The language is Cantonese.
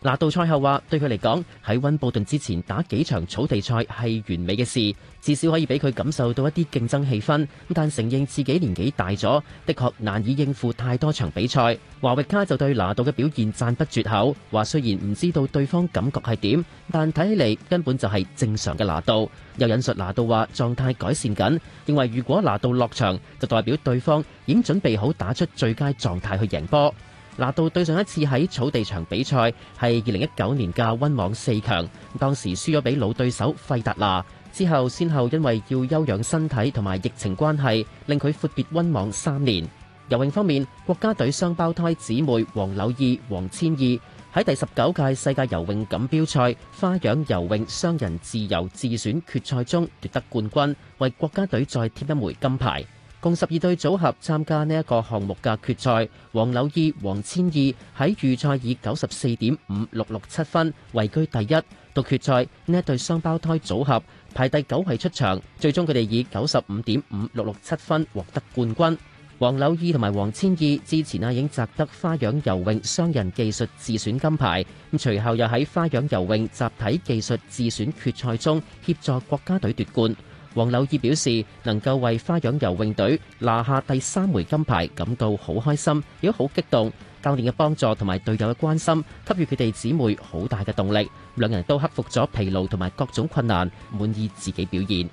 拿度賽後話：對佢嚟講，喺溫布頓之前打幾場草地賽係完美嘅事，至少可以俾佢感受到一啲競爭氣氛。但承認自己年紀大咗，的確難以應付太多場比賽。華域卡就對拿度嘅表現讚不絕口，話雖然唔知道對方感覺係點，但睇起嚟根本就係正常嘅拿度。又引述拿度話：狀態改善緊，認為如果拿度落場，就代表對方已經準備好打出最佳狀態去贏波。拿度對上一次喺草地場比賽係二零一九年嘅温網四強，當時輸咗俾老對手費達拿。之後，先後因為要休養身體同埋疫情關係，令佢闊別温網三年。游泳方面，國家隊雙胞胎姊妹王柳懿、王芊懿喺第十九屆世界游泳錦標賽花樣游泳雙人自由自選決賽中奪得冠軍，為國家隊再添一枚金牌。共十二對組合參加呢一個項目嘅決賽，王柳懿、王芊懿喺預賽以九十四點五六六七分位居第一，到決賽呢一對雙胞胎組合排第九位出場，最終佢哋以九十五點五六六七分獲得冠軍。王柳懿同埋王芊懿之前啊已經摘得花樣游泳雙人技術自選金牌，咁隨後又喺花樣游泳集體技術自選決賽中協助國家隊奪冠。王柳懿表示，能夠為花樣游泳隊拿下第三枚金牌，感到好開心，亦都好激動。教練嘅幫助同埋隊友嘅關心，給予佢哋姊妹好大嘅動力。兩人都克服咗疲勞同埋各種困難，滿意自己表現。